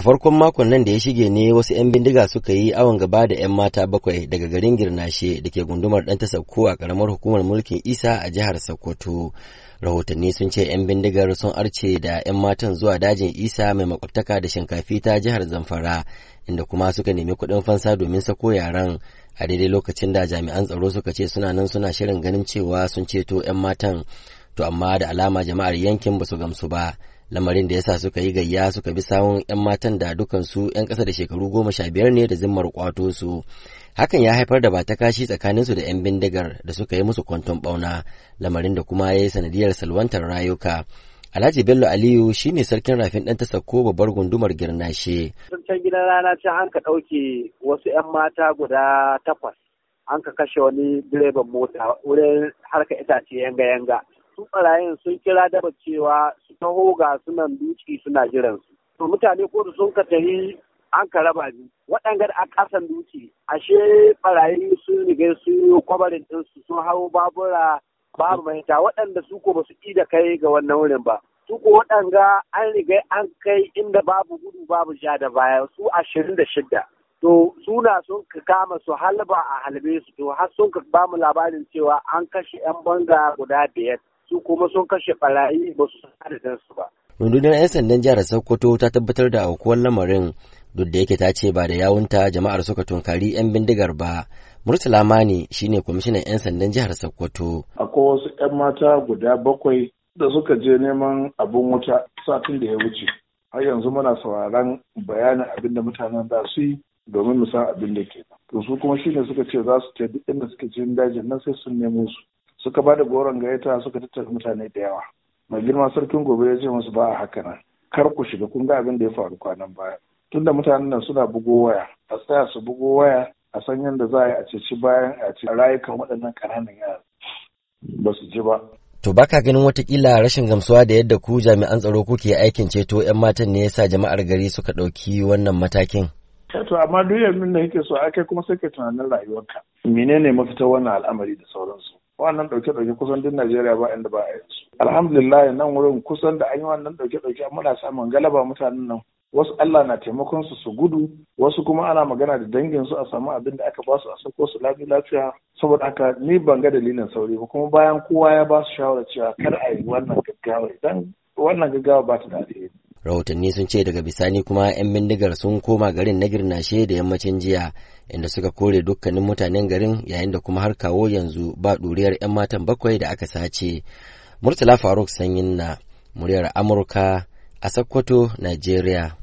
A farkon makon nan da ya shige ne wasu 'yan bindiga suka yi awon gaba da 'yan mata bakwai daga garin Girnashe da ke gundumar ɗan ta a ƙaramar hukumar mulkin Isa a jihar Sokoto. Rahotanni sun ce 'yan bindigar sun arce da 'yan matan zuwa dajin Isa mai makwabtaka da shinkafi ta jihar Zamfara inda kuma suka nemi kuɗin fansa domin sako yaran a daidai lokacin da jami'an tsaro suka ce suna nan suna shirin ganin cewa sun ceto 'yan matan. To amma da alama jama'ar yankin ba su gamsu ba. lamarin da yasa suka yi gayya suka bi sawun 'yan matan da dukansu 'yan ƙasa da shekaru goma sha biyar ne da zimmar kwato su hakan ya haifar da ba ta kashi tsakaninsu da 'yan bindigar da suka yi musu kwanton bauna lamarin da kuma ya yi sanadiyar salwantar rayuka Alhaji Bello Aliyu shine sarkin rafin ɗan ta sakko babbar gundumar girnashe. Can gidan rana ce an ka ɗauke wasu 'yan mata guda takwas an ka kashe wani direban mota wurin harka itace yanga-yanga. Su ɓarayin sun kira daba cewa taho ga sunan duci suna jiran su to mutane ko da sun katari an ka raba Waɗanga da a san duci ashe barayi sun riga sun yi kwabarin ɗinsu sun hau babura babu ta waɗanda su ko ba su da kai ga wannan wurin ba su ko waɗanda an riga an kai inda babu gudu babu ja da baya su ashirin da shidda to suna sun ka kama su halba a halbe su to har sun ka bamu labarin cewa an kashe 'yan banga guda biyar su kuma sun kashe ɓarayi ba su san adadin su ba rundunar 'yan sandan jihar sokoto ta tabbatar da aukuwar lamarin duk da yake ta ce ba da yawunta jama'ar suka tunkari 'yan bindigar ba murtala mani shi ne kwamishinan 'yan sandan jihar sokoto akwai wasu 'yan mata guda bakwai da suka je neman abin wuta satin da ya wuce har yanzu muna sauraron bayanin abin da mutanen za su yi domin mu san abin da ke to su kuma shine suka ce za su tafi inda suke cikin dajin nan sai sun nemo su suka ba da goron gayyata suka tattara mutane da yawa mai girma sarkin gobe ya ce musu ba a haka nan kar ku shiga kun ga abin da ya faru kwanan baya tunda mutanen nan suna bugo waya a tsaya su bugo waya a san yadda za a yi a ceci bayan a ce rayukan waɗannan ƙananan yara ba su ji ba. To baka ganin watakila rashin gamsuwa da yadda ku jami'an tsaro kuke aikin ceto 'yan matan ne yasa jama'ar gari suka ɗauki wannan matakin. to amma duk yanzu da yake so kai kuma sai ka tunanin rayuwarka menene mafita wannan al'amari da sauransu wannan ɗauke-ɗauke kusan duk Najeriya ba inda ba a yi Alhamdulillah nan wurin kusan da an yi wannan ɗauke-ɗauke muna samun galaba mutanen nan. Wasu Allah na taimakon su su gudu, wasu kuma ana magana da dangin su a samu abin da aka ba su a sako su lafi lafiya. Saboda haka ni ban ga dalilin sauri ba kuma bayan kowa ya ba su shawara cewa kar a yi wannan gaggawa idan wannan gaggawa ba ta daɗi. rahotanni sun ce daga bisani kuma 'yan bindigar sun koma garin na girnashe da yammacin jiya inda suka kore dukkanin mutanen garin yayin da kuma har kawo yanzu ba ɗuriyar 'yan matan bakwai da aka sace murtala faruk sanyin na muryar amurka a sokoto nigeria